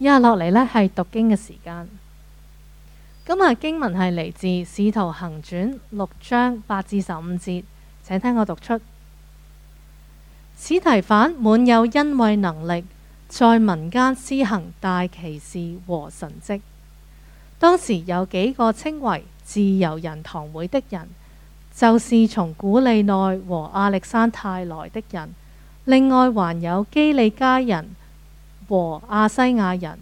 一下落嚟呢係讀經嘅時間。今日經文係嚟自《使徒行傳》六章八至十五節，請聽我讀出。司提反滿有恩惠能力，在民間施行大奇事和神蹟。當時有幾個稱為自由人堂會的人，就是從古利奈和亞力山太來的人，另外還有基利家人。和亞西亞人，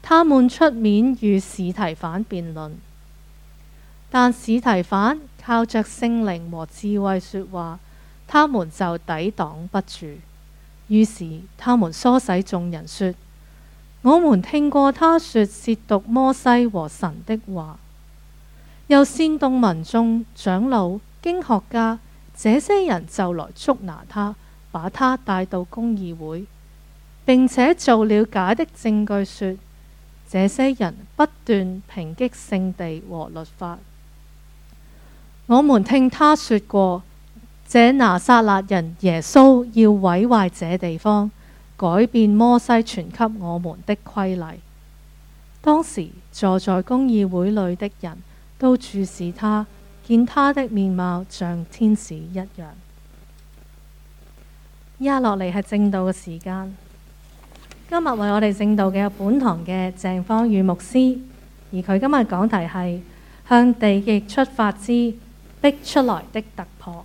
他們出面與史提反辯論。但史提反靠着聖靈和智慧說話，他們就抵擋不住。於是他們唆使眾人說：“我們聽過他說褻瀆摩西和神的話，又煽動民眾、長老、經學家，這些人就來捉拿他，把他帶到公議會。”並且做了假的證據說，說這些人不斷抨擊聖地和律法。我們聽他說過，這拿撒勒人耶穌要毀壞這地方，改變摩西傳給我們的規例。當時坐在公議會裏的人，都注視他，見他的面貌像天使一樣。依家落嚟係正道嘅時間。今日為我哋正道嘅本堂嘅鄭芳宇牧師，而佢今日講題係向地極出發之逼出來的突破。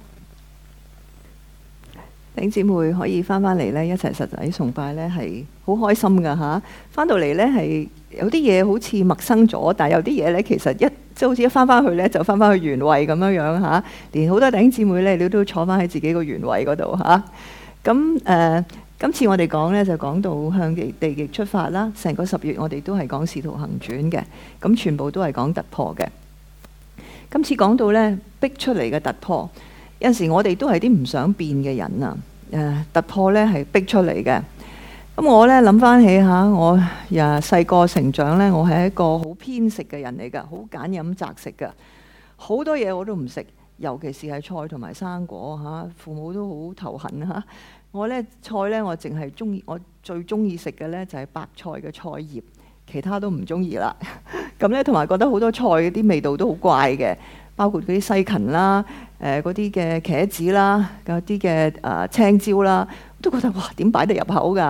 弟兄姊妹可以翻翻嚟呢，一齊實際崇拜呢，係好開心噶吓。翻、啊、到嚟呢，係有啲嘢好似陌生咗，但係有啲嘢呢，其實一即係好似一翻翻去呢，就翻翻去，去原位咁樣樣吓、啊。連好多弟兄姊妹呢，你都坐翻喺自己個原位嗰度吓。咁、啊、誒。啊今次我哋講呢，就講到向極地出發啦，成個十月我哋都係講試圖行轉嘅，咁全部都係講突破嘅。今次講到呢，逼出嚟嘅突破，有陣時我哋都係啲唔想變嘅人啊！誒，突破呢係逼出嚟嘅。咁我呢，諗翻起吓，我呀細個成長呢，我係一個好偏食嘅人嚟㗎，好揀飲擇食㗎，好多嘢我都唔食，尤其是係菜同埋生果吓，父母都好頭痕吓。我咧菜咧，我淨係中意，我最中意食嘅咧就係、是、白菜嘅菜葉，其他都唔中意啦。咁咧同埋覺得好多菜嗰啲味道都好怪嘅，包括嗰啲西芹啦、誒嗰啲嘅茄子啦、嗰啲嘅誒青椒啦，都覺得哇點擺得入口㗎？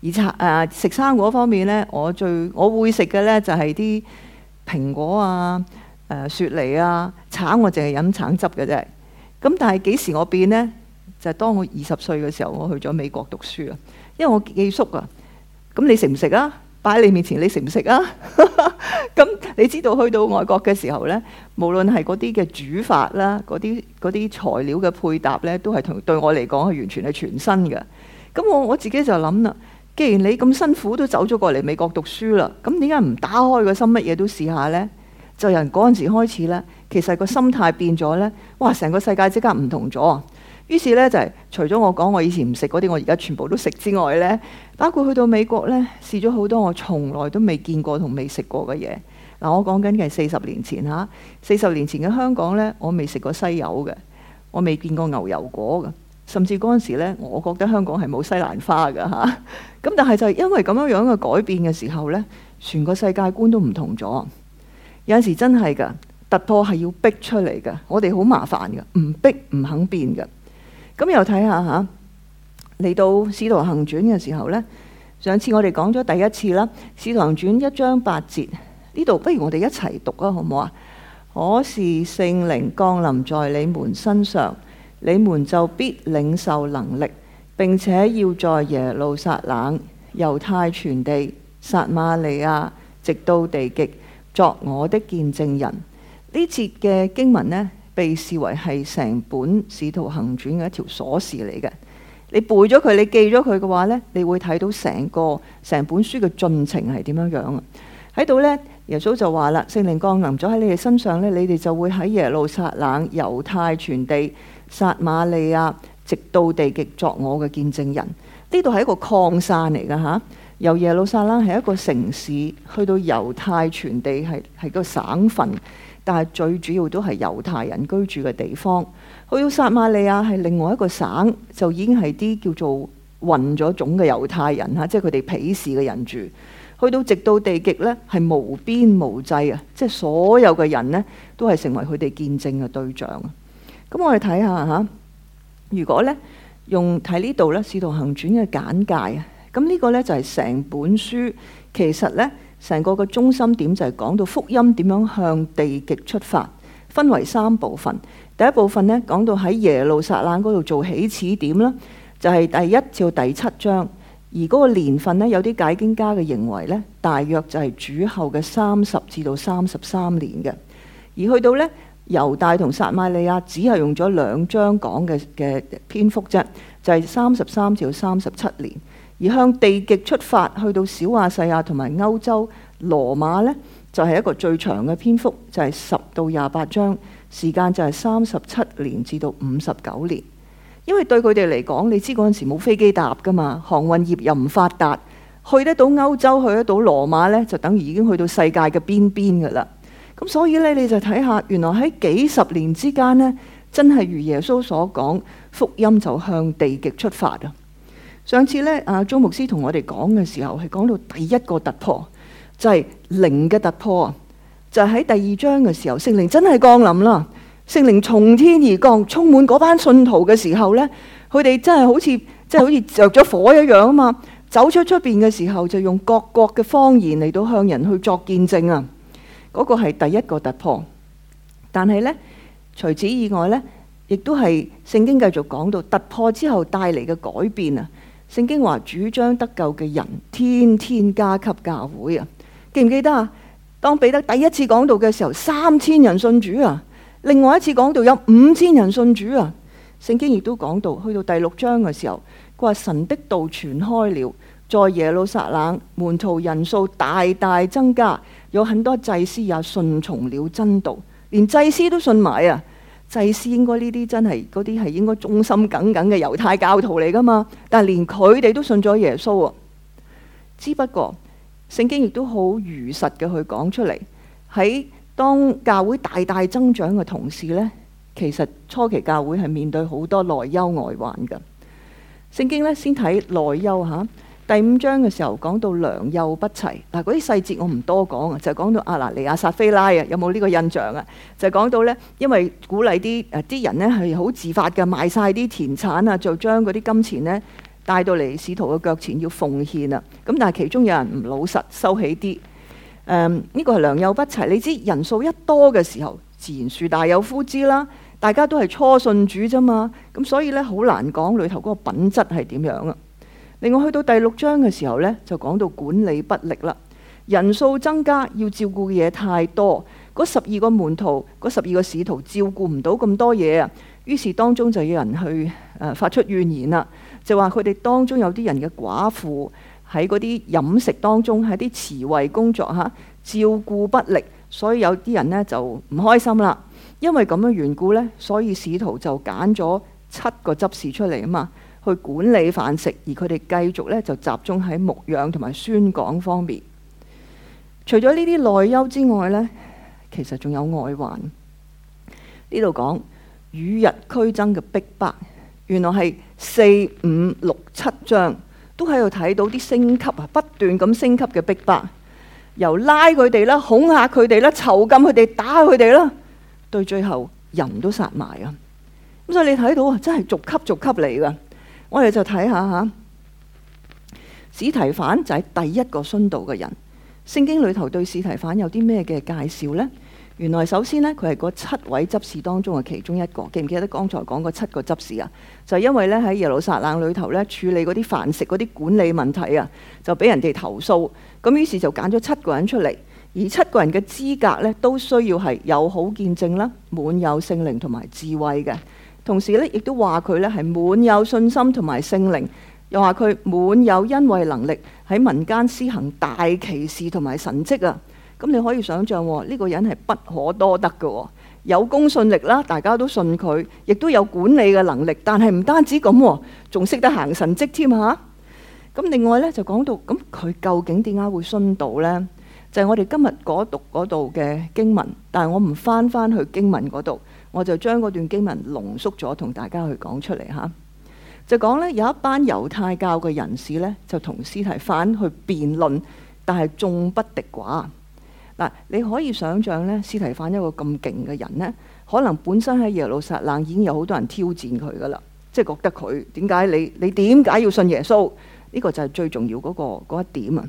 而、啊、食生果方面咧，我最我會食嘅咧就係、是、啲蘋果啊、誒、雪梨啊、橙我淨係飲橙汁嘅啫。咁但係幾時我變咧？就係當我二十歲嘅時候，我去咗美國讀書啊，因為我寄宿啊。咁你食唔食啊？擺喺你面前，你食唔食啊？咁 你知道去到外國嘅時候呢，無論係嗰啲嘅煮法啦，嗰啲嗰啲材料嘅配搭呢，都係同對我嚟講係完全係全新嘅。咁我我自己就諗啦，既然你咁辛苦都走咗過嚟美國讀書啦，咁點解唔打開個心，乜嘢都試下呢？就由嗰陣時開始呢，其實個心態變咗呢，哇！成個世界即刻唔同咗。於是咧就係、是、除咗我講我以前唔食嗰啲，我而家全部都食之外咧，包括去到美國咧，試咗好多我從來都未見過同未食過嘅嘢。嗱，我講緊嘅係四十年前嚇，四十年前嘅香港咧，我未食過西柚嘅，我未見過牛油果嘅，甚至嗰陣時咧，我覺得香港係冇西蘭花㗎嚇。咁 但係就係因為咁樣樣嘅改變嘅時候咧，全個世界觀都唔同咗。有陣時真係㗎，突破係要逼出嚟嘅，我哋好麻煩㗎，唔逼唔肯變㗎。咁又睇下吓，嚟到《使徒行傳》嘅時候呢。上次我哋講咗第一次啦，《使徒行傳》一章八節，呢度不如我哋一齊讀啊，好唔好啊？可是聖靈降臨在你們身上，你們就必領受能力，並且要在耶路撒冷、猶太全地、撒瑪利亞，直到地極，作我的見證人。呢節嘅經文呢。被視為係成本《使徒行傳》嘅一條鎖匙嚟嘅，你背咗佢，你記咗佢嘅話呢，你會睇到成個成本書嘅進程係點樣樣啊！喺度呢，耶穌就話啦：聖靈降臨咗喺你哋身上呢，你哋就會喺耶路撒冷、猶太全地、撒瑪利亞，直到地極作我嘅見證人。呢度係一個擴散嚟嘅嚇，由耶路撒冷係一個城市，去到猶太全地係係個省份。但係最主要都係猶太人居住嘅地方，去到撒瑪利亞係另外一個省，就已經係啲叫做混咗種嘅猶太人嚇、啊，即係佢哋鄙視嘅人住。去到直到地極呢，係無邊無際啊！即係所有嘅人呢，都係成為佢哋見證嘅對象。咁我哋睇下嚇，如果呢，用喺呢度呢，《使徒行傳》嘅簡介啊，咁呢個呢，就係、是、成本書其實呢。成個嘅中心點就係講到福音點樣向地極出發，分為三部分。第一部分呢，講到喺耶路撒冷嗰度做起始點啦，就係第一至第七章。而嗰個年份呢，有啲解經家嘅認為呢，大約就係主後嘅三十至到三十三年嘅。而去到呢，猶大同撒瑪利亞，只係用咗兩章講嘅嘅篇幅啫，就係三十三至到三十七年。而向地極出發，去到小亞細亞同埋歐洲羅馬呢，就係一個最長嘅篇幅，就係十到廿八章，時間就係三十七年至到五十九年。因為對佢哋嚟講，你知嗰陣時冇飛機搭噶嘛，航運業又唔發達，去得到歐洲，去得到羅馬呢，就等於已經去到世界嘅邊邊噶啦。咁所以呢，你就睇下，原來喺幾十年之間呢，真係如耶穌所講，福音就向地極出發啊！上次咧，阿宗牧師同我哋講嘅時候，係講到第一個突破就係零嘅突破啊。就喺第二章嘅時候，聖靈真係降臨啦。聖靈從天而降，充滿嗰班信徒嘅時候呢，佢哋真係好似即係好似着咗火一樣啊嘛。走出出邊嘅時候，就用各國嘅方言嚟到向人去作見證啊。嗰個係第一個突破，但係呢，除此以外呢，亦都係聖經繼續講到突破之後帶嚟嘅改變啊。聖經話主將得救嘅人天天加給教會啊，記唔記得啊？當彼得第一次講道嘅時候，三千人信主啊；另外一次講道有五千人信主啊。聖經亦都講到，去到第六章嘅時候，佢話神的道傳開了，在耶路撒冷門徒人數大大增加，有很多祭司也信從了真道，連祭司都信埋啊。祭司應該呢啲真係嗰啲係應該忠心耿耿嘅猶太教徒嚟㗎嘛？但係連佢哋都信咗耶穌喎。之不過，聖經亦都好如實嘅去講出嚟。喺當教會大大增長嘅同時呢，其實初期教會係面對好多內憂外患㗎。聖經呢，先睇內憂吓。第五章嘅時候講到良莠不齊，嗱，嗰啲細節我唔多講啊，就講、是、到亞拿尼亞撒菲拉啊，有冇呢個印象啊？就講、是、到呢，因為鼓勵啲誒啲人呢係好自發嘅，賣晒啲田產啊，就將嗰啲金錢呢帶到嚟使徒嘅腳前要奉獻啊。咁但係其中有人唔老實收起啲，誒、嗯、呢、呢個係良莠不齊。你知人數一多嘅時候，自然樹大有枯枝啦。大家都係初信主啫嘛，咁所以呢，好難講裏頭嗰個品質係點樣啊？另外去到第六章嘅時候呢，就講到管理不力啦。人數增加，要照顧嘅嘢太多。嗰十二個門徒，嗰十二個使徒照顧唔到咁多嘢啊。於是當中就有人去誒、呃、發出怨言啦，就話佢哋當中有啲人嘅寡婦喺嗰啲飲食當中喺啲慈惠工作嚇、啊、照顧不力，所以有啲人呢就唔開心啦。因為咁樣嘅緣故呢，所以使徒就揀咗七個執事出嚟啊嘛。去管理飯食，而佢哋繼續咧就集中喺牧養同埋宣講方面。除咗呢啲內憂之外呢，其實仲有外患。呢度講與日俱增嘅逼迫，原來係四五六七章都喺度睇到啲升級啊，不斷咁升級嘅逼迫，由拉佢哋啦，恐嚇佢哋啦，囚禁佢哋，打佢哋啦，到最後人都殺埋啊。咁所以你睇到啊，真係逐級逐級嚟噶。我哋就睇下嚇，史提反就係第一個殉道嘅人。聖經裏頭對史提反有啲咩嘅介紹呢？原來首先呢，佢係嗰七位執事當中嘅其中一個。記唔記得剛才講嗰七個執事啊？就係、因為咧喺耶路撒冷裏頭咧處理嗰啲飯食嗰啲管理問題啊，就俾人哋投訴，咁於是就揀咗七個人出嚟，而七個人嘅資格咧都需要係有好見證啦，滿有聖靈同埋智慧嘅。同時咧，亦都話佢咧係滿有信心同埋聖靈，又話佢滿有恩惠能力，喺民間施行大奇事同埋神蹟啊！咁你可以想象喎，呢個人係不可多得嘅喎，有公信力啦，大家都信佢，亦都有管理嘅能力。但係唔單止咁喎，仲識得行神蹟添吓。咁另外咧就講到，咁佢究竟點解會信到咧？就係我哋今日嗰讀嗰度嘅經文，但係我唔返返去經文嗰度。我就將嗰段經文濃縮咗，同大家去講出嚟。下就講呢，有一班猶太教嘅人士呢，就同司提反去辯論，但係眾不敵寡嗱。你可以想像呢，司提反一個咁勁嘅人呢，可能本身喺耶路撒冷已經有好多人挑戰佢噶啦，即係覺得佢點解，你你點解要信耶穌？呢個就係最重要嗰個嗰一點啊。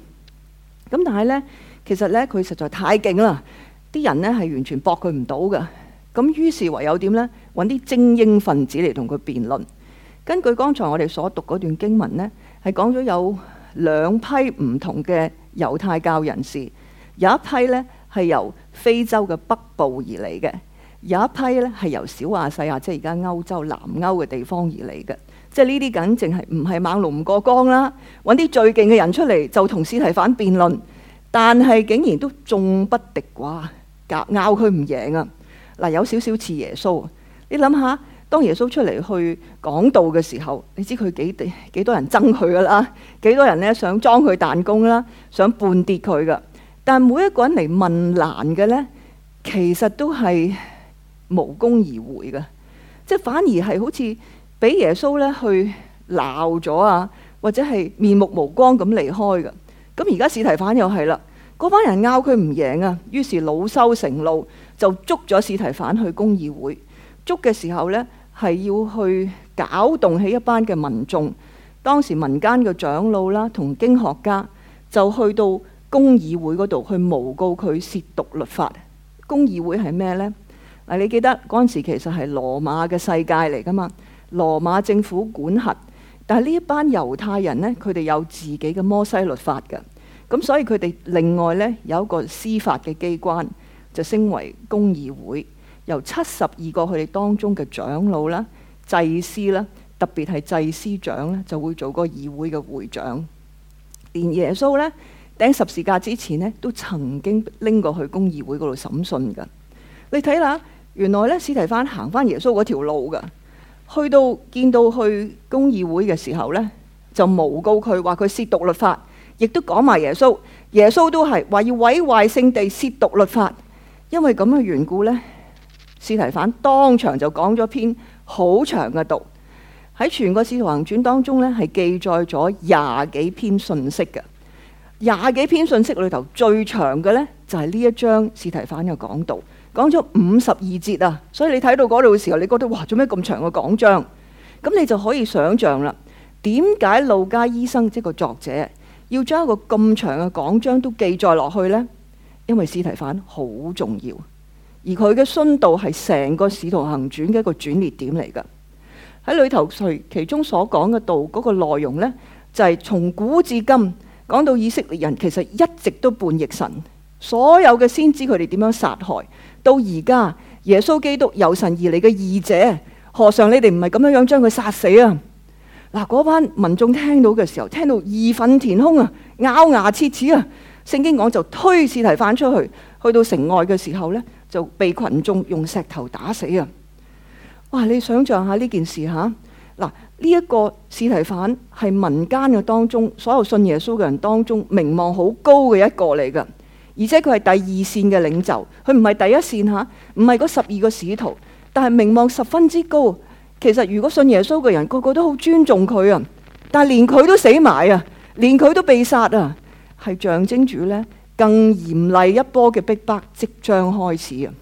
咁但係呢，其實呢，佢實在太勁啦，啲人呢係完全駁佢唔到噶。咁於是唯有點呢？揾啲精英分子嚟同佢辯論。根據剛才我哋所讀嗰段經文呢，係講咗有兩批唔同嘅猶太教人士，有一批呢係由非洲嘅北部而嚟嘅，有一批呢係由小亞細亞即係而家歐洲南歐嘅地方而嚟嘅。即係呢啲梗淨係唔係猛龍唔過江啦？揾啲最勁嘅人出嚟就同斯提反辯論，但係竟然都眾不敵寡，拗佢唔贏啊！嗱，有少少似耶穌。你諗下，當耶穌出嚟去講道嘅時候，你知佢幾幾多人憎佢噶啦？幾多人咧想裝佢彈弓啦，想半跌佢噶。但每一個人嚟問難嘅咧，其實都係無功而回嘅，即係反而係好似俾耶穌咧去鬧咗啊，或者係面目無光咁離開嘅。咁而家司提反又係啦。嗰班人拗佢唔贏啊，於是老羞成怒，就捉咗司提反返去公議會。捉嘅時候呢，係要去搞動起一班嘅民眾。當時民間嘅長老啦同經學家就去到公議會嗰度去誣告佢褻瀆律法。公議會係咩呢？嗱，你記得嗰陣時其實係羅馬嘅世界嚟噶嘛？羅馬政府管轄，但係呢一班猶太人呢，佢哋有自己嘅摩西律法㗎。咁所以佢哋另外呢，有一個司法嘅機關，就稱為公議會，由七十二個佢哋當中嘅長老啦、祭司啦，特別係祭司長咧，就會做個議會嘅會長。連耶穌呢，釘十字架之前呢，都曾經拎過去公議會嗰度審訊噶。你睇下，原來呢，史提芬行翻耶穌嗰條路噶，去到見到去公議會嘅時候呢，就誣告佢話佢褻瀆律法。亦都講埋耶穌，耶穌都係話要毀壞聖地、褻瀆律法，因為咁嘅緣故呢，司提反當場就講咗篇好長嘅道。喺全個《使徒行傳》當中呢，係記載咗廿幾篇信息嘅，廿幾篇信息裏頭最長嘅呢，就係、是、呢一章。司提反嘅講道講咗五十二節啊，所以你睇到嗰度嘅時候，你覺得哇，做咩咁長嘅講章？咁你就可以想象啦，點解路加醫生即個作者？要將一個咁長嘅講章都記載落去呢？因為司提反好重要，而佢嘅殉道係成個使徒行傳嘅一個轉捩點嚟㗎。喺裏頭隨其中所講嘅道嗰個內容呢，就係從古至今講到以色列人其實一直都叛逆神，所有嘅先知佢哋點樣殺害，到而家耶穌基督由神而嚟嘅義者，何嘗你哋唔係咁樣樣將佢殺死啊？嗱，嗰班民眾聽到嘅時候，聽到義憤填膺啊，咬牙切齒啊！聖經講就推司提反出去，去到城外嘅時候呢，就被群眾用石頭打死啊！哇！你想像下呢件事嚇，嗱、啊，呢、這、一個司提反係民間嘅當中所有信耶穌嘅人當中名望好高嘅一個嚟㗎，而且佢係第二線嘅領袖，佢唔係第一線嚇，唔係嗰十二個使徒，但係名望十分之高。其實如果信耶穌嘅人個個都好尊重佢啊，但係連佢都死埋啊，連佢都被殺啊，係象徵住咧更嚴厲一波嘅逼迫即將開始啊！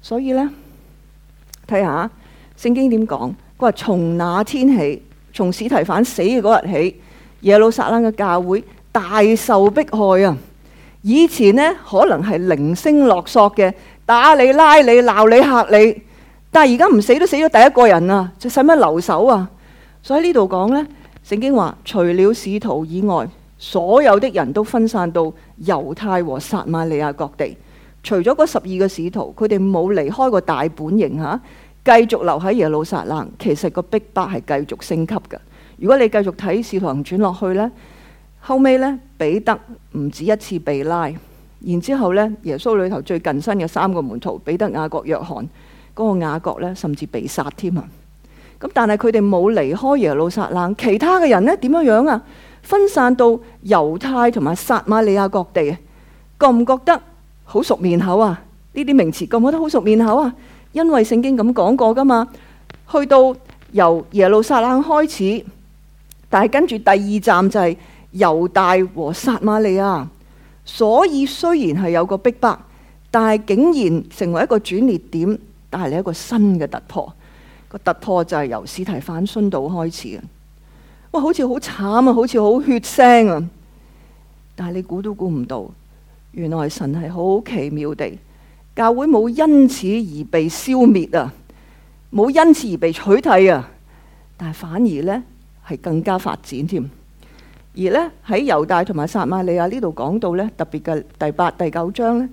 所以咧，睇下聖經點講，佢話從那天起，從史提反死嘅嗰日起，耶路撒冷嘅教會大受迫害啊！以前呢，可能係零星落索嘅，打你拉你鬧你，你嚇你。但係而家唔死都死咗，第一個人啊，就使乜留守啊？所以呢度講呢，聖經話除了使徒以外，所有的人都分散到猶太和撒瑪利亞各地。除咗嗰十二個使徒，佢哋冇離開過大本營嚇，繼續留喺耶路撒冷。其實個逼迫係繼續升級嘅。如果你繼續睇《使徒行傳》落去呢，後尾呢，彼得唔止一次被拉，然之後呢，耶穌裏頭最近身嘅三個門徒彼得、雅各、約翰。嗰個雅各咧，甚至被殺添啊！咁但係佢哋冇離開耶路撒冷，其他嘅人呢點樣樣啊？分散到猶太同埋撒瑪利亞各地，覺唔覺得好熟面口啊？呢啲名詞，覺唔覺得好熟面口啊？因為聖經咁講過噶嘛，去到由耶路撒冷開始，但係跟住第二站就係猶大和撒瑪利亞，所以雖然係有個逼迫，但係竟然成為一個轉捩點。帶嚟一個新嘅突破，個突破就係由史提反殉道開始嘅。哇，好似好慘啊，好似好血腥啊！但係你估都估唔到，原來神係好奇妙地，教會冇因此而被消滅啊，冇因此而被取締啊，但係反而呢，係更加發展添。而呢，喺猶大同埋撒瑪利亞呢度講到呢，特別嘅第八、第九章呢，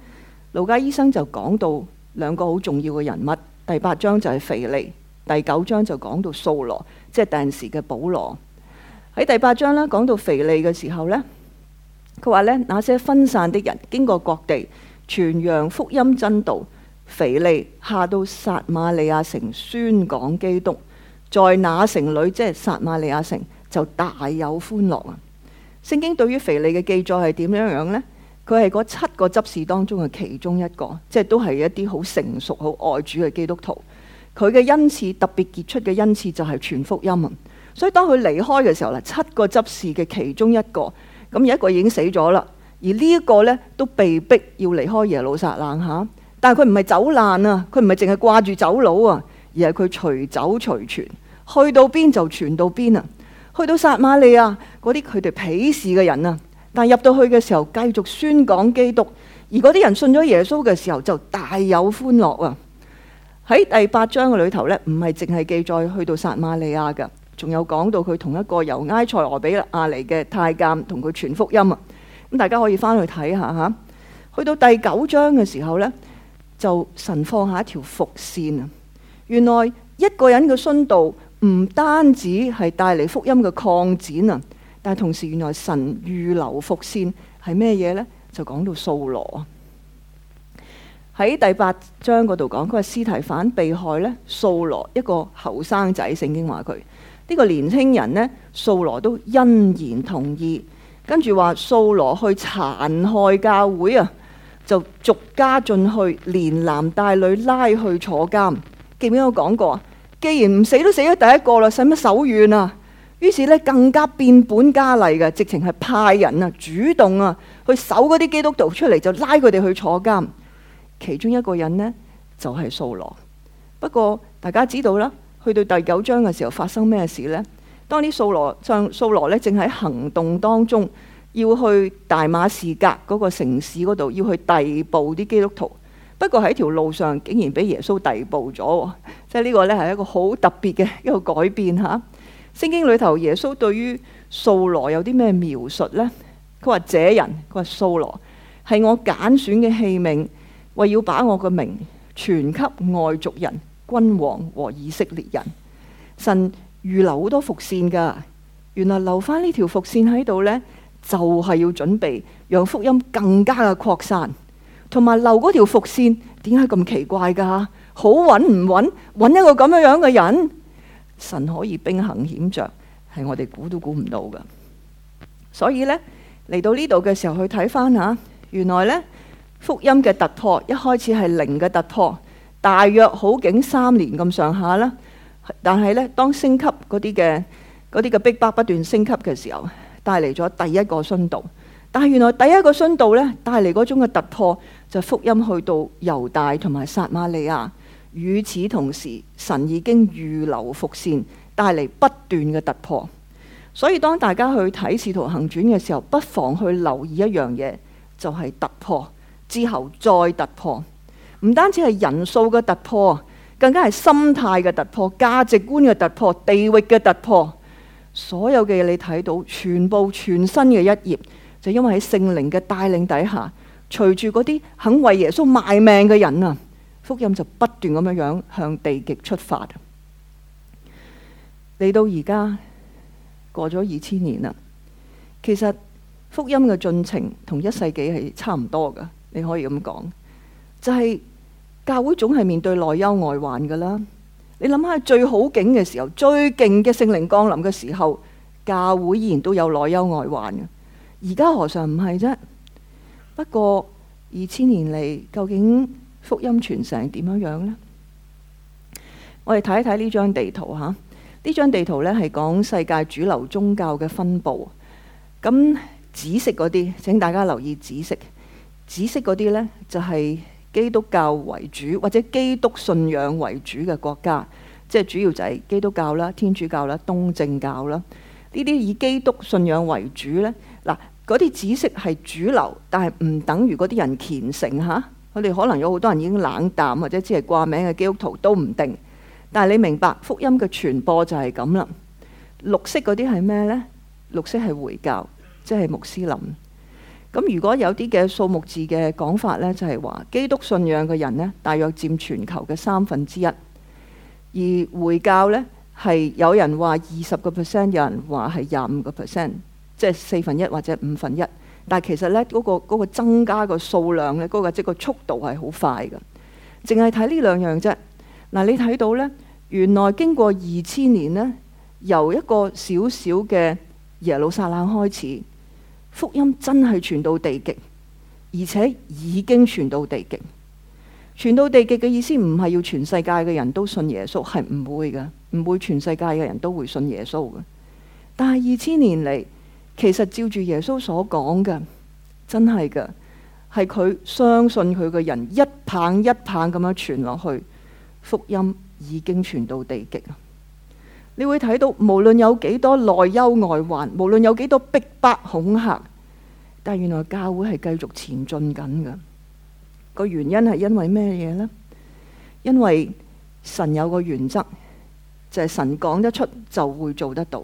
路加醫生就講到。兩個好重要嘅人物，第八章就係腓利，第九章就講到掃羅，即係第陣時嘅保羅。喺第八章啦，講到腓利嘅時候呢，佢話呢：「那些分散的人經過各地，傳揚福音真道，腓利下到撒馬利亞城，宣講基督，在那城裏，即係撒馬利亞城就大有歡樂啊！」聖經對於腓利嘅記載係點樣樣呢？佢係嗰七個執事當中嘅其中一個，即係都係一啲好成熟、好愛主嘅基督徒。佢嘅恩賜特別傑出嘅恩賜就係傳福音。所以當佢離開嘅時候呢，七個執事嘅其中一個，咁有一個已經死咗啦，而呢一個呢，都被逼要離開耶路撒冷嚇、啊。但係佢唔係走難啊，佢唔係淨係掛住走佬啊，而係佢隨走隨傳，去到邊就傳到邊啊。去到撒瑪利亞嗰啲佢哋鄙視嘅人啊。但入到去嘅時候，繼續宣講基督，而嗰啲人信咗耶穌嘅時候，就大有歡樂啊！喺第八章嘅裏頭呢，唔係淨係記載去到撒瑪利亞噶，仲有講到佢同一個由埃塞俄比亞嚟嘅太監同佢傳福音啊！咁大家可以翻去睇下吓。去到第九章嘅時候呢，就神放下一條伏線啊！原來一個人嘅殉道唔單止係帶嚟福音嘅擴展啊！但同時，原來神預留伏先係咩嘢呢？就講到掃羅啊，喺第八章嗰度講，嗰、那個屍體犯被害呢，掃羅一個後生仔，聖經話佢呢、這個年輕人呢，掃羅都欣然同意，跟住話掃羅去殘害教會啊，就逐家進去，連男帶女拉去坐監。記唔記得我講過啊？既然唔死都死咗第一個啦，使乜手軟啊？於是咧更加變本加厲嘅，直情係派人啊，主動啊去搜嗰啲基督徒出嚟，就拉佢哋去坐監。其中一個人呢，就係掃羅。不過大家知道啦，去到第九章嘅時候發生咩事呢？當啲掃羅像掃羅咧正喺行動當中要去大馬士革嗰個城市嗰度要去逮捕啲基督徒，不過喺條路上竟然俾耶穌逮捕咗，即係呢個呢係一個好特別嘅一個改變嚇。聖經裏頭耶穌對於掃羅有啲咩描述呢？佢話這人，佢話掃羅係我揀選嘅器皿，為要把我嘅名傳給外族人、君王和以色列人。神預留好多伏綫噶，原來留翻呢條伏綫喺度呢，就係、是、要準備讓福音更加嘅擴散，同埋留嗰條伏綫點解咁奇怪噶？好揾唔揾？揾一個咁樣樣嘅人？神可以兵行險著，係我哋估都估唔到噶。所以呢，嚟到呢度嘅時候去睇翻吓，原來呢福音嘅突破一開始係零嘅突破，大約好景三年咁上下啦。但係呢，當升級嗰啲嘅啲嘅逼迫不斷升級嘅時候，帶嚟咗第一個殉道。但係原來第一個殉道呢，帶嚟嗰種嘅突破就福音去到猶大同埋撒瑪利亞。與此同時，神已經預留伏線，帶嚟不斷嘅突破。所以當大家去睇《使徒行傳》嘅時候，不妨去留意一樣嘢，就係、是、突破之後再突破。唔單止係人數嘅突破，更加係心態嘅突破、價值觀嘅突破、地域嘅突破。所有嘅嘢，你睇到，全部全新嘅一頁，就因為喺聖靈嘅帶領底下，隨住嗰啲肯為耶穌賣命嘅人啊！福音就不斷咁樣樣向地極出發，嚟到而家過咗二千年啦。其實福音嘅進程同一世紀係差唔多噶，你可以咁講，就係、是、教會總係面對內憂外患噶啦。你諗下最好景嘅時候、最勁嘅聖靈降臨嘅時候，教會依然都有內憂外患嘅。而家何嘗唔係啫？不過二千年嚟，究竟？福音傳成點樣樣呢？我哋睇一睇呢張地圖嚇，呢張地圖咧係講世界主流宗教嘅分布。咁紫色嗰啲，請大家留意紫色。紫色嗰啲呢，就係基督教為主，或者基督信仰為主嘅國家，即係主要就係基督教啦、天主教啦、東正教啦。呢啲以基督信仰為主呢，嗱，嗰啲紫色係主流，但係唔等於嗰啲人虔誠嚇。我哋可能有好多人已經冷淡，或者只係掛名嘅基督徒都唔定。但係你明白福音嘅傳播就係咁啦。綠色嗰啲係咩呢？綠色係回教，即係穆斯林。咁如果有啲嘅數目字嘅講法呢，就係話基督信仰嘅人呢，大約佔全球嘅三分之一。而回教呢，係有人話二十個 percent，有人話係廿五個 percent，即係四分一或者五分一。但其實咧，嗰、嗰個、嗰個增加個數量咧，嗰、嗰個即、嗰個嗰個速度係好快噶。淨係睇呢兩樣啫。嗱，你睇到呢，原來經過二千年呢，由一個小小嘅耶路撒冷開始，福音真係傳到地極，而且已經傳到地極。傳到地極嘅意思唔係要全世界嘅人都信耶穌，係唔會嘅，唔會全世界嘅人都會信耶穌嘅。但係二千年嚟。其實照住耶穌所講嘅，真係嘅，係佢相信佢個人一棒一棒咁樣傳落去，福音已經傳到地極。你會睇到，無論有幾多內憂外患，無論有幾多逼迫恐嚇，但原來教會係繼續前進緊嘅。個原因係因爲咩嘢呢？因爲神有個原則，就係神講得出就會做得到。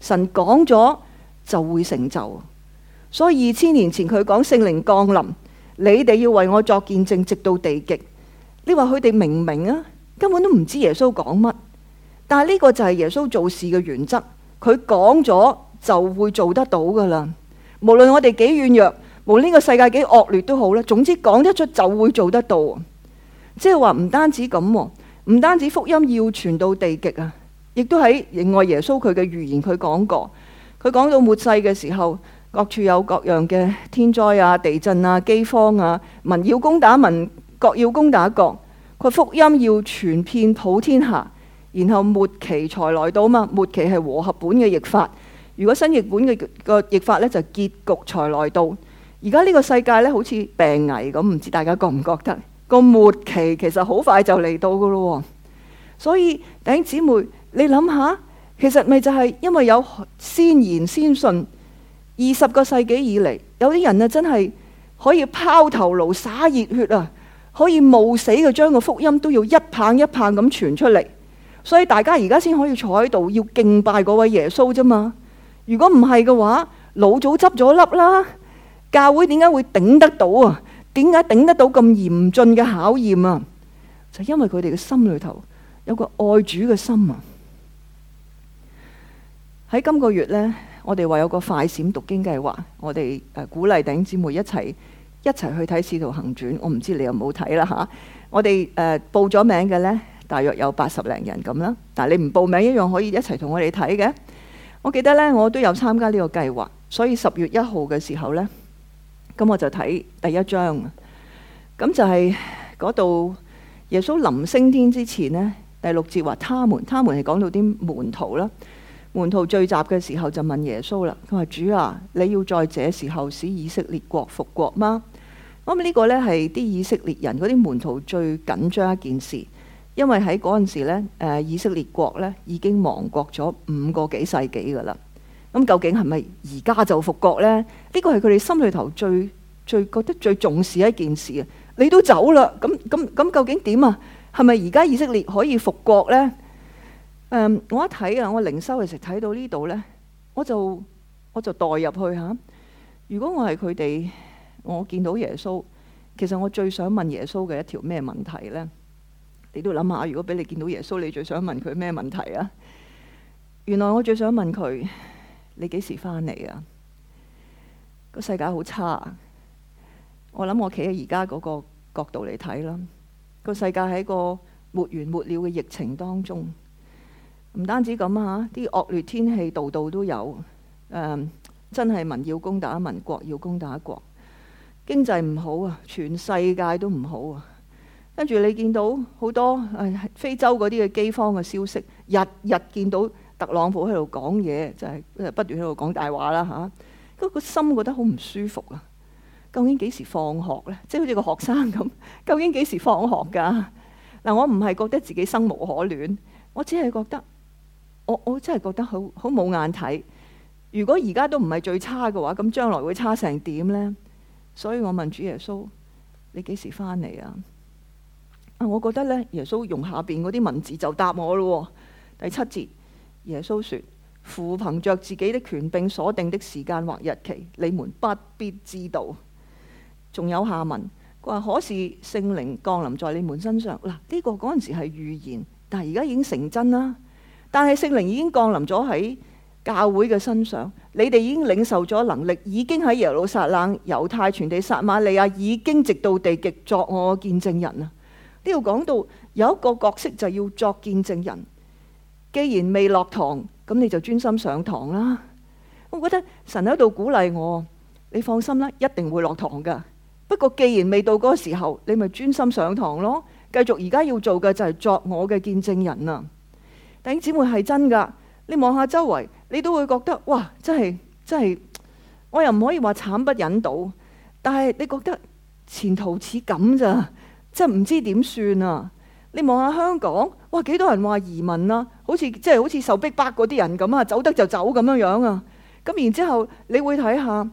神講咗。就會成就，所以二千年前佢講聖靈降臨，你哋要為我作見證，直到地極。你話佢哋明唔明啊？根本都唔知耶穌講乜。但係呢個就係耶穌做事嘅原則，佢講咗就會做得到噶啦。無論我哋幾軟弱，無論呢個世界幾惡劣都好咧，總之講得出就會做得到。即係話唔單止咁，唔單止福音要傳到地極啊，亦都喺另外耶穌佢嘅預言佢講過。佢講到末世嘅時候，各處有各樣嘅天災啊、地震啊、饑荒啊，民要攻打民，國要攻打國。佢福音要傳遍普天下，然後末期才來到嘛。末期係和合本嘅譯法，如果新譯本嘅個譯法呢，就是、結局才來到。而家呢個世界呢，好似病危咁，唔知大家覺唔覺得個末期其實好快就嚟到噶咯喎。所以弟兄姊妹，你諗下？其實咪就係因為有先言先信，二十個世紀以嚟有啲人啊，真係可以拋頭顱灑熱血啊，可以冒死嘅將個福音都要一棒一棒咁傳出嚟，所以大家而家先可以坐喺度要敬拜嗰位耶穌啫嘛。如果唔係嘅話，老早執咗粒啦，教會點解會頂得到啊？點解頂得到咁嚴峻嘅考驗啊？就因為佢哋嘅心裏頭有個愛主嘅心啊！喺今個月呢，我哋話有個快閃讀經計劃，我哋鼓勵頂姊妹一齊一齊去睇《使徒行傳》。我唔知你有冇睇啦吓，我哋誒、呃、報咗名嘅呢，大約有八十零人咁啦。但你唔報名一樣可以一齊同我哋睇嘅。我記得呢，我都有參加呢個計劃，所以十月一號嘅時候呢，咁我就睇第一章，咁就係嗰度耶穌臨升天之前呢，第六節話他們，他們係講到啲門徒啦。門徒聚集嘅時候就問耶穌啦，佢話主啊，你要在這時候使以色列國復國嗎？咁呢個呢，係啲以色列人嗰啲門徒最緊張的一件事，因為喺嗰陣時呢，誒、以色列國呢已經亡國咗五個幾世紀噶啦。咁究竟係咪而家就復國呢？呢個係佢哋心裏頭最最覺得最重視一件事啊！你都走啦，咁咁咁究竟點啊？係咪而家以色列可以復國呢？誒、um，我一睇啊，我靈修其實睇到呢度呢，我就我就代入去嚇、啊。如果我係佢哋，我見到耶穌，其實我最想問耶穌嘅一條咩問題呢？你都諗下，如果俾你見到耶穌，你最想問佢咩問題啊？原來我最想問佢：你幾時翻嚟啊？個世界好差、啊，我諗我企喺而家嗰個角度嚟睇啦。個世界喺個沒完沒了嘅疫情當中。唔單止咁啊！啲惡劣天氣度度都有，誒、嗯，真係民要攻打民國，要攻打國，經濟唔好啊，全世界都唔好啊。跟住你見到好多誒、哎、非洲嗰啲嘅饑荒嘅消息，日日見到特朗普喺度講嘢，就係、是、不斷喺度講大話啦、啊、嚇。嗰、啊、個心覺得好唔舒服啊！究竟幾時放學呢？即係好似個學生咁，究竟幾時放學㗎？嗱，我唔係覺得自己生無可戀，我只係覺得。我我真係覺得好好冇眼睇。如果而家都唔係最差嘅話，咁將來會差成點呢？所以我問主耶穌：你幾時翻嚟啊？我覺得呢，耶穌用下邊嗰啲文字就答我咯。第七節，耶穌說：父憑着自己的權柄所定的時間或日期，你們不必知道。仲有下文，佢話可是聖靈降臨在你們身上。嗱、啊、呢、這個嗰陣時係預言，但係而家已經成真啦。但係聖靈已經降臨咗喺教會嘅身上，你哋已經領受咗能力，已經喺耶路撒冷、猶太、全地、撒瑪利亞，已經直到地極作我的見證人啊！呢度講到有一個角色就係要作見證人。既然未落堂，咁你就專心上堂啦。我覺得神喺度鼓勵我，你放心啦，一定會落堂噶。不過既然未到嗰時候，你咪專心上堂咯。繼續而家要做嘅就係作我嘅見證人啊！弟兄姊妹係真㗎，你望下周圍，你都會覺得哇，真係真係，我又唔可以話慘不忍睹，但係你覺得前途似咁咋，真係唔知點算啊！你望下香港，哇幾多人話移民啦、啊，好似即係好似受逼迫嗰啲人咁啊，走得就走咁樣樣啊，咁然之後，你會睇下。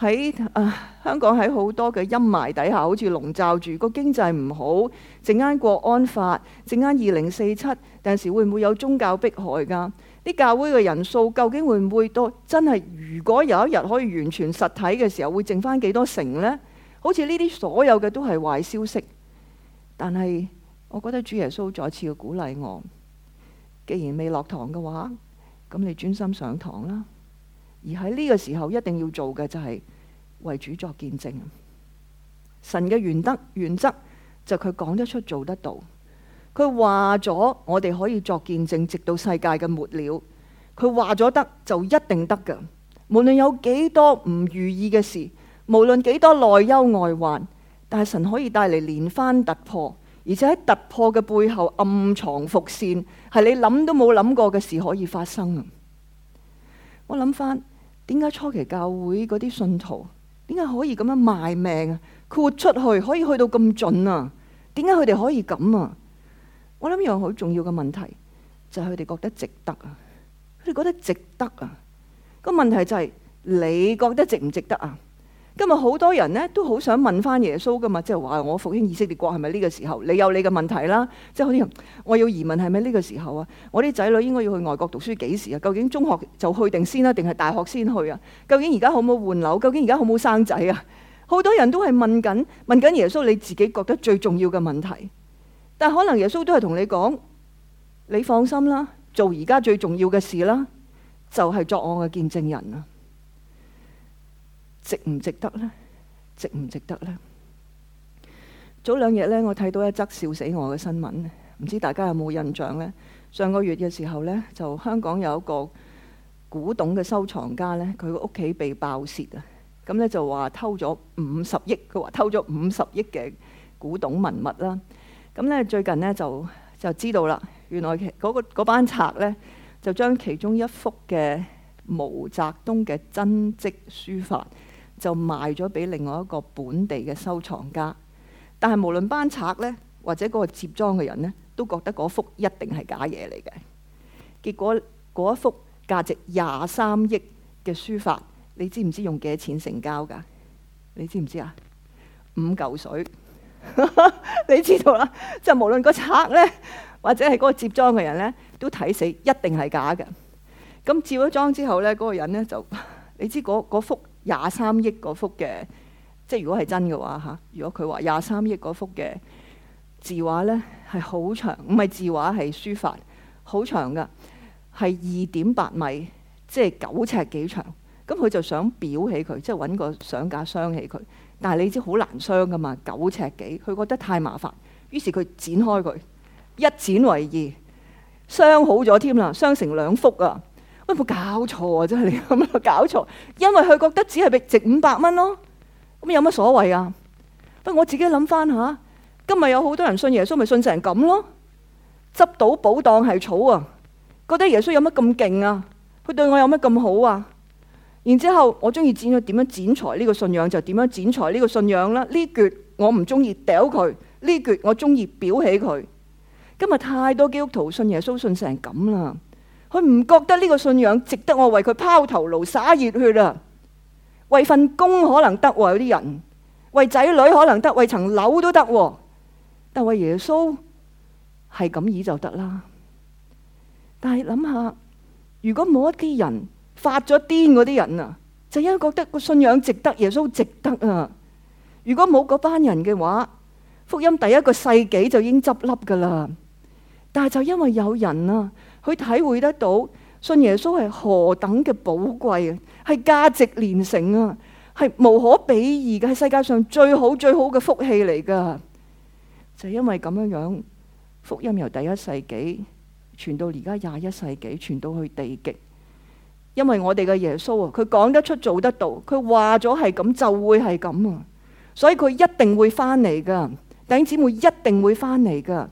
喺啊香港喺好多嘅陰霾底下，好似籠罩住個經濟唔好，正啱國安法，正啱二零四七，第時會唔會有宗教迫害㗎？啲教會嘅人數究竟會唔會多？真係如果有一日可以完全實體嘅時候，會剩翻幾多成呢？好似呢啲所有嘅都係壞消息。但係我覺得主耶穌再次嘅鼓勵我，既然未落堂嘅話，咁你專心上堂啦。而喺呢個時候，一定要做嘅就係為主作見證。神嘅原則，原則就佢講得出做得到。佢話咗我哋可以作見證，直到世界嘅末了。佢話咗得就一定得㗎。無論有幾多唔如意嘅事，無論幾多內憂外患，但係神可以帶嚟連番突破，而且喺突破嘅背後暗藏伏線，係你諗都冇諗過嘅事可以發生。我諗翻，點解初期教會嗰啲信徒，點解可以咁樣賣命啊？豁出去，可以去到咁盡啊？點解佢哋可以咁啊？我諗一樣好重要嘅問題，就係佢哋覺得值得啊，佢哋覺得值得啊。個問題就係，你覺得值唔值得啊？今日好多人咧都好想問翻耶穌噶嘛，即係話我復興以色列國係咪呢個時候？你有你嘅問題啦，即係好啲人我要移民係咪呢個時候啊？我啲仔女應該要去外國讀書幾時啊？究竟中學就去定先啦，定係大學先去啊？究竟而家好冇換樓？究竟而家好冇生仔啊？好多人都係問緊問緊耶穌你自己覺得最重要嘅問題，但可能耶穌都係同你講：你放心啦，做而家最重要嘅事啦，就係作我嘅見證人啊！值唔值得呢？值唔值得呢？早兩日呢，我睇到一則笑死我嘅新聞，唔知大家有冇印象呢？上個月嘅時候呢，就香港有一個古董嘅收藏家呢，佢個屋企被爆竊啊！咁呢就話偷咗五十億，佢話偷咗五十億嘅古董文物啦。咁呢，最近呢，就就知道啦，原來嗰班賊呢，就將其中一幅嘅毛澤東嘅真跡書法。就賣咗俾另外一個本地嘅收藏家，但係無論班賊呢，或者嗰個接贓嘅人呢，都覺得嗰幅一定係假嘢嚟嘅。結果嗰一幅價值廿三億嘅書法你知不知，你知唔知用幾多錢成交㗎？你知唔知啊？五嚿水， 你知道啦。就係、是、無論個賊咧，或者係嗰個接贓嘅人呢，都睇死，一定係假嘅。咁照咗裝之後呢，嗰個人呢，就，你知嗰、那個、幅。廿三億嗰幅嘅，即係如果係真嘅話嚇，如果佢話廿三億嗰幅嘅字畫呢，係好長，唔係字畫，係書法，好長噶，係二點八米，即係九尺幾長。咁佢就想裱起佢，即係揾個相架鑲起佢。但係你知好難鑲噶嘛，九尺幾，佢覺得太麻煩，於是佢剪開佢，一剪為二，鑲好咗添啦，鑲成兩幅啊！都冇搞錯啊！真係你咁樣搞錯，因為佢覺得只係值五百蚊咯，咁有乜所謂啊？不過我自己諗翻下，今日有好多人信耶穌，咪信成咁咯？執到寶當係草啊！覺得耶穌有乜咁勁啊？佢對我有乜咁好啊？然之後我中意剪咗，點樣剪裁呢個信仰就點樣剪裁呢個信仰啦。呢橛我唔中意屌佢，呢橛我中意裱起佢。今日太多基督徒信耶穌信成咁啦。佢唔覺得呢個信仰值得我為佢拋頭顱灑熱血啊！為份工可能得喎、啊，有啲人為仔女可能得，為層樓都得喎、啊，但為耶穌係咁意就得啦。但係諗下，如果冇一啲人發咗癲嗰啲人啊，就因為覺得個信仰值得耶穌值得啊！如果冇嗰班人嘅話，福音第一個世紀就已經執笠噶啦。但係就因為有人啊～佢體會得到信耶穌係何等嘅寶貴啊，係價值連城啊，係無可比擬嘅，係世界上最好最好嘅福氣嚟㗎。就因為咁樣樣，福音由第一世紀傳到而家廿一世紀，傳到去地極。因為我哋嘅耶穌啊，佢講得出做得到，佢話咗係咁就會係咁啊，所以佢一定會返嚟㗎，弟兄姊妹一定會返嚟㗎，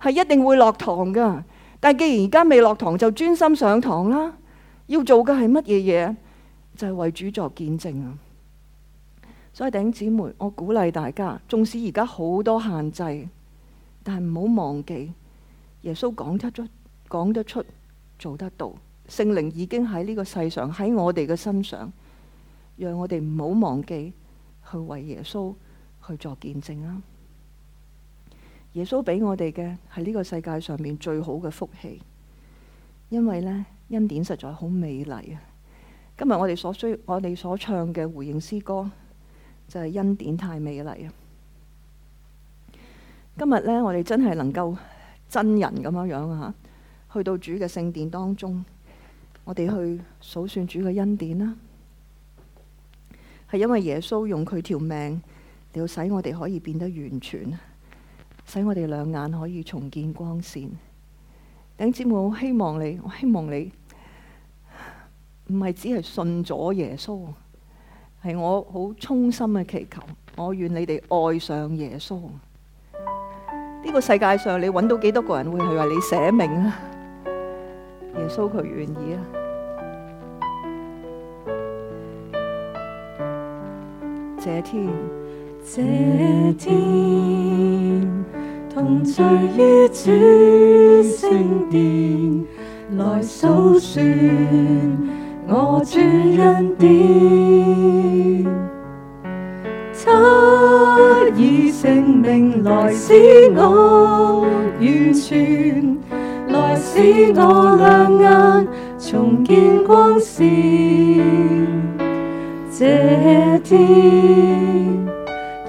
係一定會落堂㗎。但既然而家未落堂就專心上堂啦，要做嘅係乜嘢嘢？就係為主作見證啊！所以弟兄姊妹，我鼓勵大家，縱使而家好多限制，但係唔好忘記耶穌講得出、講得出、做得到，聖靈已經喺呢個世上喺我哋嘅身上，讓我哋唔好忘記去為耶穌去作見證啦。耶穌俾我哋嘅係呢個世界上面最好嘅福氣，因為呢，恩典實在好美麗啊！今日我哋所需，我哋所唱嘅回應詩歌就係、是、恩典太美麗啊！今日呢，我哋真係能夠真人咁樣樣去到主嘅聖殿當中，我哋去數算主嘅恩典啦，係因為耶穌用佢條命要使我哋可以變得完全。使我哋兩眼可以重見光線，弟兄姊妹，我好希望你，我希望你，唔係只係信咗耶穌，係我好衷心嘅祈求，我願你哋愛上耶穌。呢、這個世界上，你揾到幾多少個人會係為你捨命啊？耶穌佢願意啊？謝天！這天，同聚於主聖殿，來數算我主恩典，祂以生命來使我完全，來使我兩眼，重見光線。這天。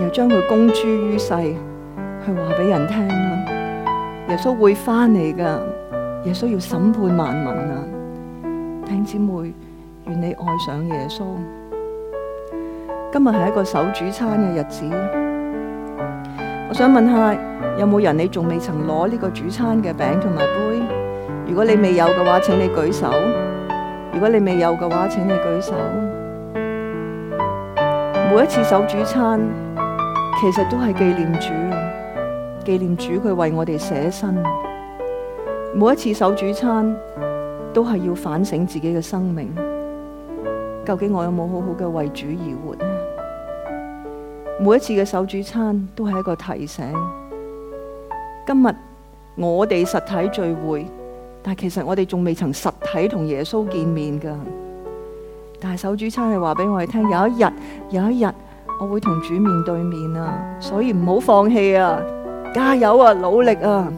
又將佢公諸於世，去話俾人聽啦。耶穌會翻嚟噶，耶穌要審判萬民啊！弟兄姊妹，願你愛上耶穌。今日係一個守主餐嘅日子，我想問下，有冇人你仲未曾攞呢個主餐嘅餅同埋杯？如果你未有嘅話，請你舉手；如果你未有嘅話，請你舉手。每一次守主餐。其實都係紀念主，紀念主佢為我哋捨身。每一次守主餐都係要反省自己嘅生命，究竟我有冇好好嘅為主而活呢？每一次嘅守主餐都係一個提醒。今日我哋實體聚會，但其實我哋仲未曾實體同耶穌見面噶。但係守主餐係話俾我哋聽，有一日，有一日。我會同主面對面啊，所以唔好放棄啊，加油啊，努力啊！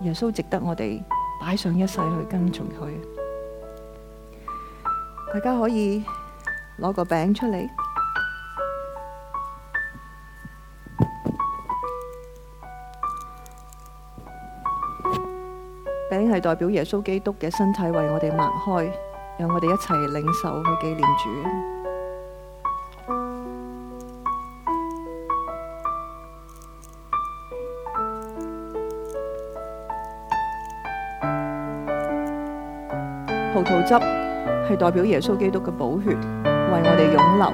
耶穌值得我哋擺上一世去跟隨佢，嗯嗯嗯。大家可以攞個餅出嚟，餅係代表耶穌基督嘅身體，為我哋擘開，讓我哋一齊領受去紀念主。汁係代表耶穌基督嘅寶血，為我哋湧流，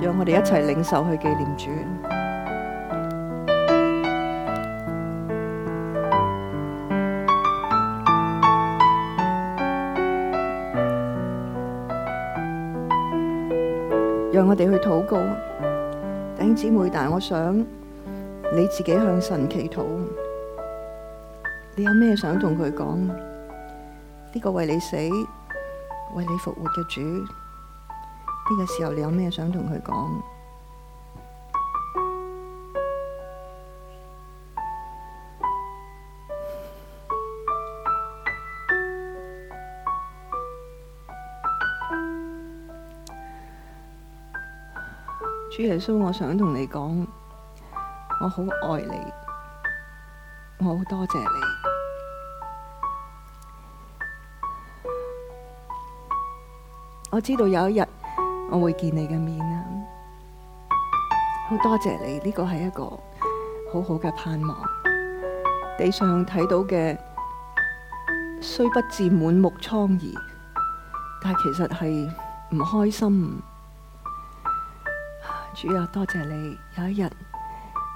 讓我哋一齊領受去紀念主。讓我哋去禱告，弟兄姊妹，但我想你自己向神祈禱，你有咩想同佢講？呢個為你死。為你復活嘅主，呢個時候你有咩想同佢講？主耶穌，我想同你講，我好愛你，我好多謝你。我知道有一日我會見你嘅面啊。好多謝你，呢個係一個好好嘅盼望。地上睇到嘅雖不至滿目瘡痍，但其實係唔開心。主啊，多謝你有一日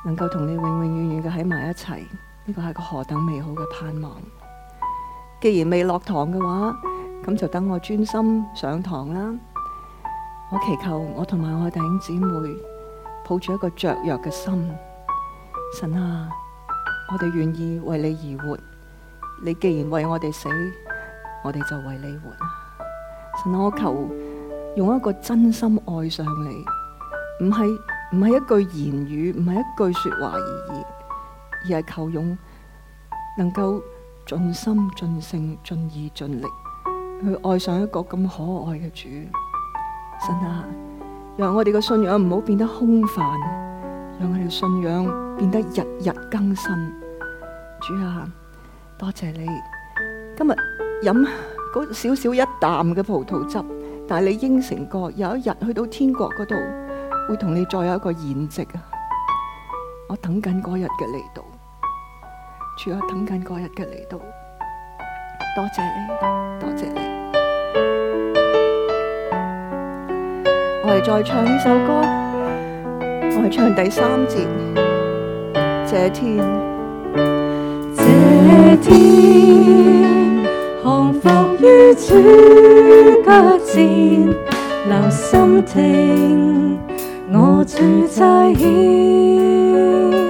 能夠同你永永遠遠嘅喺埋一齊，呢個係個何等美好嘅盼望。既然未落堂嘅話，咁就等我專心上堂啦。我祈求我同埋我弟兄姊妹抱住一個雀躍嘅心。神啊，我哋願意為你而活。你既然為我哋死，我哋就為你活。神啊，我求用一個真心愛上你，唔係唔係一句言語，唔係一句說話而已，而係求用能夠盡心、盡性、盡意、盡力。去愛上一個咁可愛嘅主，神啊，讓我哋嘅信仰唔好變得空泛，讓我哋信仰變得日日更新。主啊，多謝你今日飲少少一啖嘅葡萄汁，但係你應承過有一日去到天國嗰度會同你再有一個筵席啊！我等緊嗰日嘅嚟到，主啊，等緊嗰日嘅嚟到。多謝你，多謝你。我係再唱呢首歌，我係唱第三節。謝天，謝天，幸福於轉角處，留心聽我處再現。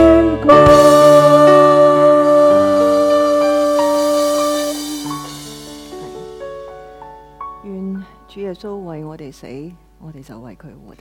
都為我哋死，我哋就為佢活。